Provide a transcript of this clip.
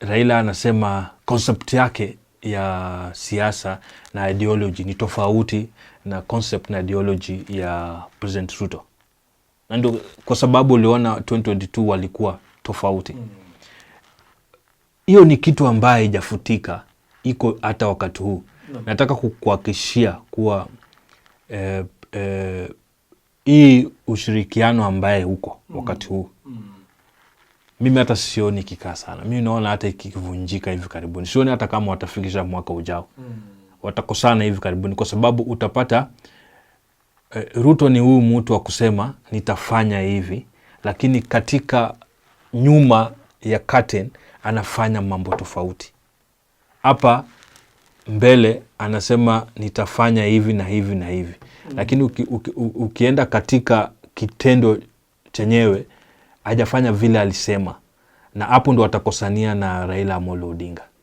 Raila anasema concept yake ya siasa na ideology ni tofauti na concept na ideology ya President Ruto, na ndio kwa sababu uliona 2022 walikuwa tofauti. Hiyo ni kitu ambayo haijafutika, iko hata wakati huu. Nataka kukuhakikishia kuwa eh, eh, hii ushirikiano ambaye huko mm-hmm. wakati huu mimi hata sioni kikaa sana, mii naona hata ikivunjika hivi karibuni, sioni hata kama watafikisha mwaka ujao mm. watakosana hivi karibuni, kwa sababu utapata eh, Ruto ni huyu mtu wa kusema nitafanya hivi, lakini katika nyuma ya curtain anafanya mambo tofauti. Hapa mbele anasema nitafanya hivi na hivi na hivi mm. lakini uki, uki, ukienda katika kitendo chenyewe hajafanya vile alisema, na hapo ndo atakosania na Raila Amolo Odinga.